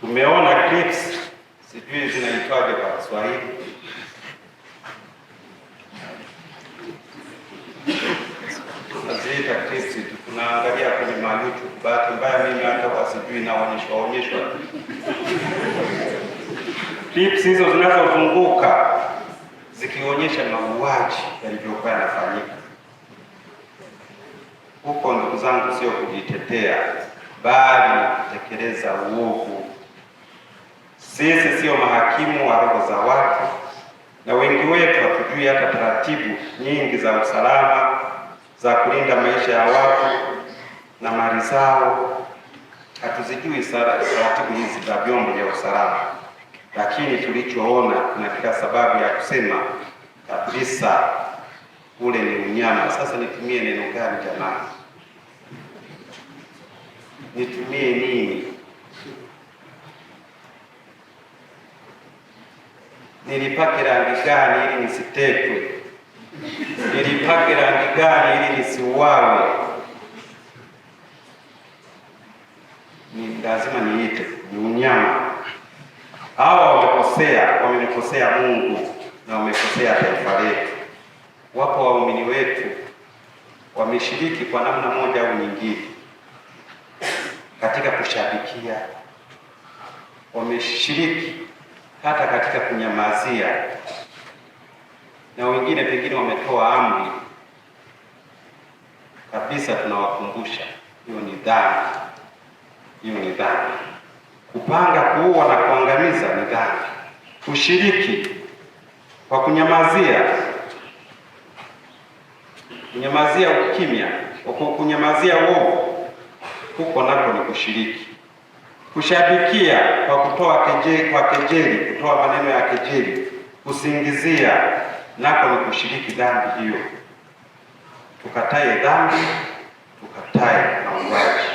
tumeona clips, sijui zinaitwaje kwa Kiswahili, naziita clips, tunaangalia kwenye ma YouTube. Bahati mbaya mimi hata kwa sijui naonyeshwa onyeshwa clips hizo zinazozunguka zikionyesha mauaji yalivyokuwa yanafanyika huko. Ndugu zangu, sio kujitetea, bali kutekeleza uovu sisi sio mahakimu wa roho za watu, na wengi wetu hatujui hata taratibu nyingi za usalama za kulinda maisha ya watu na mali zao. Hatuzijui sana taratibu hizi za vyombo vya usalama, lakini tulichoona kuna kila sababu ya kusema kabisa ule ni unyama. Sasa nitumie neno gani jamani? Nitumie nini? nilipake rangi gani ili nisitekwe? Nilipake rangi gani ili nisiuawe? Ni lazima niite, ni unyama. Hawa wamekosea, wamenikosea Mungu na wamekosea taifa letu. Wapo waumini wetu wameshiriki kwa namna moja au nyingine katika kushabikia, wameshiriki hata katika kunyamazia, na wengine pengine wametoa amri kabisa. Tunawakumbusha hiyo ni dhambi, hiyo ni dhambi. Kupanga kuua na kuangamiza ni dhambi. Kushiriki kwa kunyamazia, kunyamazia ukimya, kunyamazia uovu, huko nako ni kushiriki kushabikia kwa kutoa kejeli, kwa kejeli, kutoa maneno ya kejeli, kusingizia nako ni kushiriki dhambi hiyo. Tukatae dhambi, tukatae mauaji.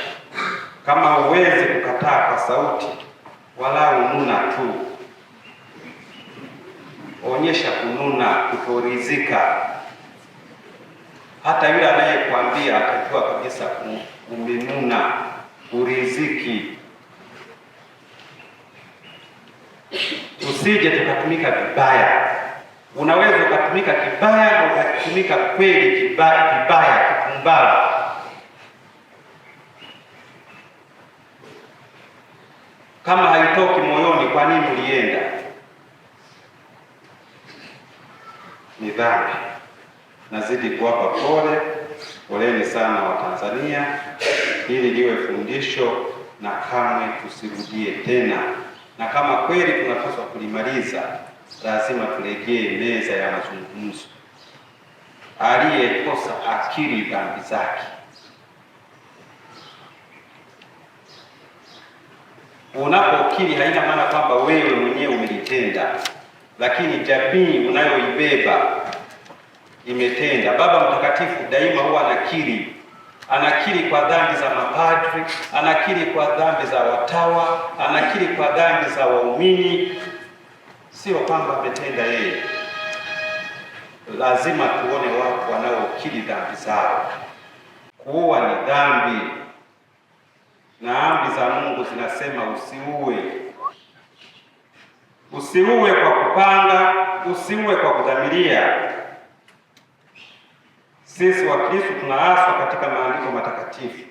Kama uwezi kukataa kwa sauti, wala ununa tu, onyesha kununa, kutoridhika. Hata yule anayekuambia atajua kabisa kuminuna, kuriziki tusije tukatumika vibaya. Unaweza ukatumika kibaya na ukatumika kweli kibaya, kibaya kipumbavu. Kama haitoki moyoni, kwa nini ulienda? Ni dhambi. Nazidi kuwapa pole, poleni sana Watanzania. ili liwe fundisho na kamwe tusirudie tena na kama kweli tunapaswa kulimaliza, lazima turejee meza ya mazungumzo. Aliyekosa akiri dhambi zake. Unapokiri haina maana kwamba wewe mwenyewe umelitenda, lakini jamii unayoibeba imetenda. Baba Mtakatifu daima huwa anakiri anakiri kwa dhambi za mapadri, anakiri kwa dhambi za watawa, anakiri kwa dhambi za waumini. Sio kwamba ametenda yeye, lazima tuone watu wanaokiri dhambi zao. Kuua ni dhambi, na amri za Mungu zinasema usiue. Usiue kwa kupanga, usiue kwa kudhamiria sisi wa Kristo tunaaswa katika maandiko matakatifu,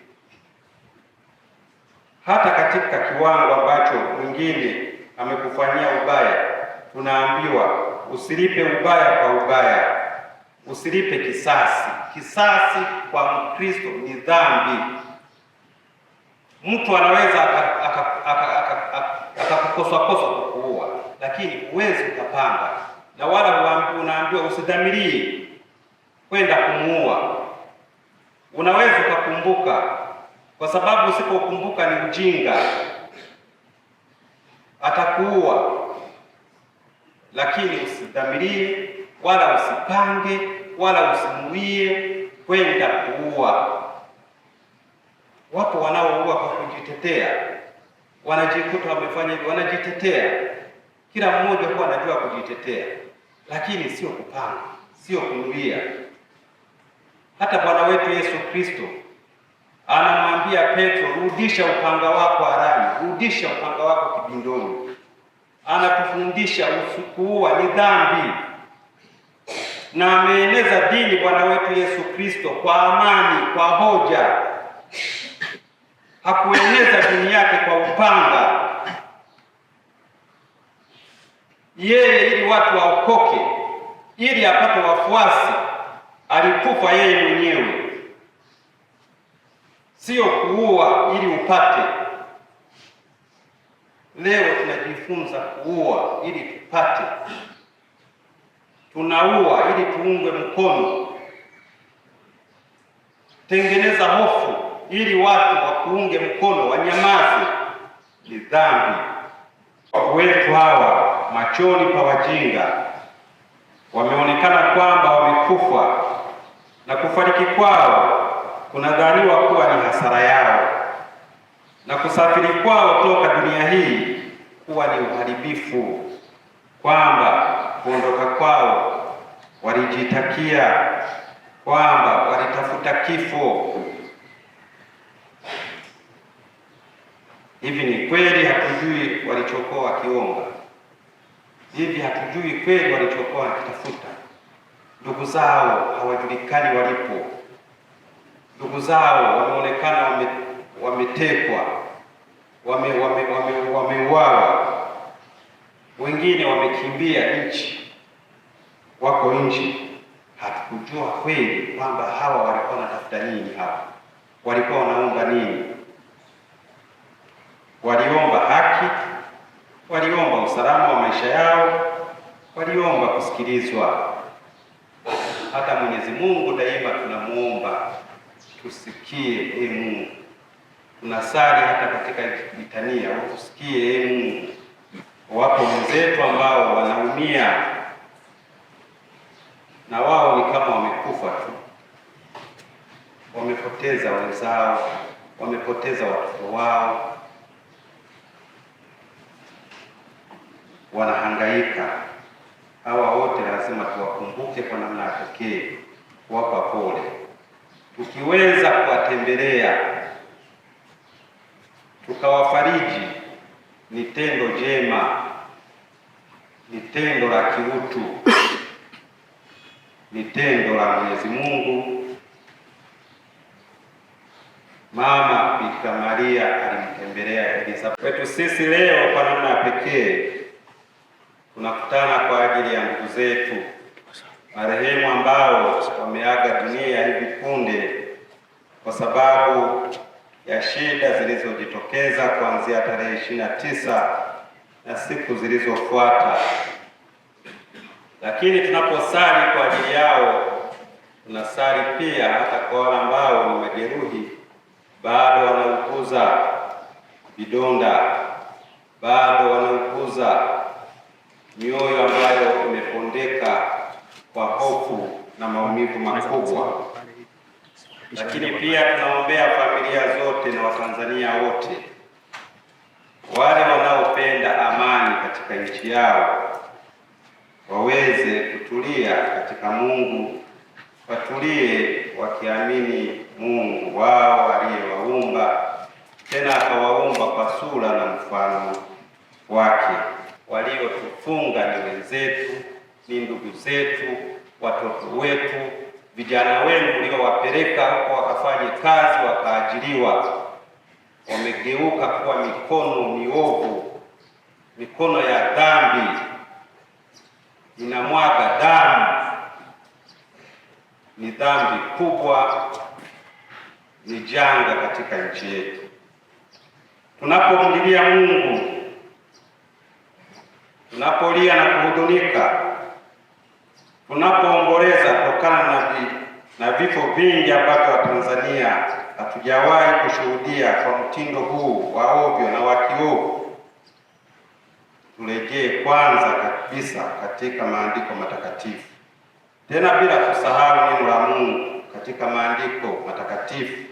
hata katika kiwango ambacho mwingine amekufanyia ubaya, tunaambiwa usilipe ubaya kwa ubaya, usilipe kisasi. Kisasi kwa Mkristo ni dhambi. Mtu anaweza kosa kukuua, lakini huwezi ukapanga, na wala unaambiwa usidhamirie kwenda kumuua. Unaweza ukakumbuka, kwa sababu usipokumbuka ni ujinga, atakuua. Lakini usidhamirie wala usipange wala usimuie kwenda kuua. Wapo wanaoua kwa kujitetea, wanajikuta wamefanya hivyo, wanajitetea. Kila mmoja huwa anajua kujitetea, lakini sio kupanga, sio kumuia. Hata Bwana wetu Yesu Kristo anamwambia Petro, rudisha upanga wako harani, rudisha upanga wako kibindoni. Anatufundisha kuua ni dhambi, na ameeneza dini Bwana wetu Yesu Kristo kwa amani, kwa hoja. Hakueneza dini yake kwa upanga yeye, ili watu waokoke, ili apate wafuasi alikufa yeye mwenyewe, sio kuua ili upate. Leo tunajifunza kuua ili tupate, tunaua ili tuungwe mkono, tengeneza hofu ili watu wakuunge mkono, wanyamaze. Ni dhambi. Watu wetu hawa machoni pa wajinga wameonekana kwamba wamekufa na kufariki kwao kunadhaniwa kuwa ni hasara yao na kusafiri kwao toka dunia hii kuwa ni uharibifu, kwamba kuondoka kwao walijitakia, kwamba walitafuta kifo. Hivi ni kweli hatujui walichokuwa wakiomba? Hivi hatujui kweli walichokuwa wakitafuta? ndugu zao hawajulikani walipo, ndugu zao wameonekana wame, wametekwa wameuawa, wame, wame, wame wengine wamekimbia nchi, wako nchi. Hatukujua kweli kwamba hawa walikuwa wanatafuta nini hapa, walikuwa wanaomba nini? Waliomba haki, waliomba usalama wa maisha yao, waliomba kusikilizwa hata Mwenyezi Mungu daima tunamuomba, tusikie e Mungu, tunasali hata katika litania, tusikie e Mungu. Wapo wenzetu ambao wanaumia na wao ni kama wamekufa tu, wamepoteza wenzao, wamepoteza watoto wao, wanahangaika hawa wote lazima tuwakumbuke kwa namna ya pekee, kuwapa pole. Tukiweza kuwatembelea tukawafariji, ni tendo jema, ni tendo la kiutu, ni tendo la Mwenyezi Mungu. Mama Bikira Maria alimtembelea Elisa. Kwetu sisi leo kwa namna ya pekee tunakutana kwa ajili ya ndugu zetu marehemu ambao wameaga dunia hivi punde kwa sababu ya shida zilizojitokeza kuanzia tarehe ishirini na tisa na siku zilizofuata, lakini tunaposali kwa ajili yao tunasali pia hata kwa wale ambao ni majeruhi, bado wanauguza vidonda, bado wanauguza mioyo ambayo imepondeka kwa hofu na maumivu makubwa, lakini pia tunaombea familia zote na Watanzania wote wale wanaopenda amani katika nchi yao waweze kutulia katika Mungu, watulie wakiamini Mungu wao aliyewaumba, tena akawaumba kwa sura na mfano wake waliotufunga ni wenzetu, ni ndugu zetu, watoto wetu, vijana wenu uliowapeleka huko wakafanye kazi wakaajiriwa, wamegeuka kuwa mikono miovu, mikono ya dhambi inamwaga damu. Ni dhambi kubwa, ni janga katika nchi yetu. Tunapomlilia Mungu tunapolia na kuhuzunika, tunapoomboleza kutokana na na vifo vingi ambavyo Watanzania hatujawahi kushuhudia kwa mtindo huu wa ovyo na wa kiovu, turejee kwanza kabisa katika maandiko matakatifu, tena bila kusahau neno la Mungu katika maandiko matakatifu,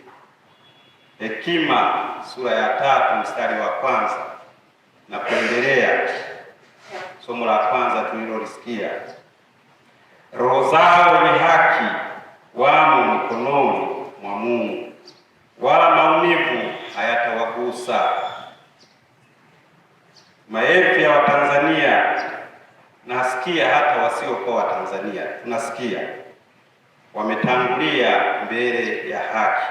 Hekima sura ya tatu mstari wa kwanza na kuendelea somo la kwanza tulilolisikia, roho zao wenye haki wamo mikononi mwa Mungu, wala maumivu hayatawagusa. Maelfu ya Watanzania nasikia, hata wasiokuwa Watanzania tunasikia, wametangulia mbele ya haki.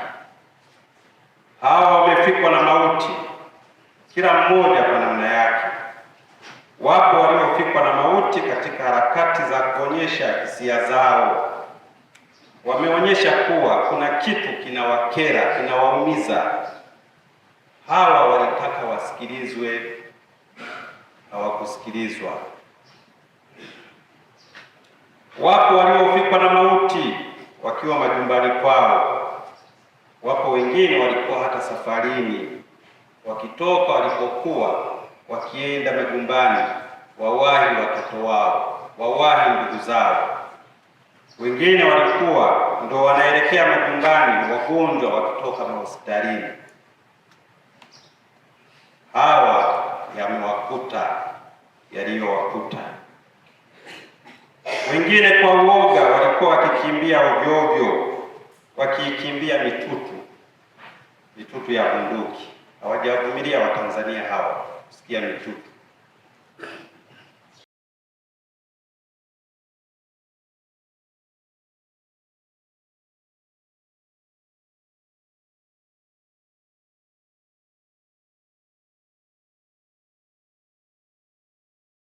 Hawa wamefikwa na mauti, kila mmoja kwa namna yake Wapo waliofikwa na mauti katika harakati za kuonyesha hisia zao. Wameonyesha kuwa kuna kitu kinawakera, kinawaumiza. Hawa walitaka wasikilizwe, hawakusikilizwa. Wapo waliofikwa na mauti wakiwa majumbani kwao. Wapo wengine walikuwa hata safarini, wakitoka walipokuwa wakienda majumbani wawahi watoto wao, wawahi ndugu zao. Wengine walikuwa ndo wanaelekea majumbani wagonjwa wakitoka mahospitalini. Hawa yamewakuta yaliyowakuta. Wengine kwa uoga walikuwa wakikimbia ovyovyo wakiikimbia mitutu, mitutu ya bunduki. Hawajavumilia Watanzania hawa kusikia ni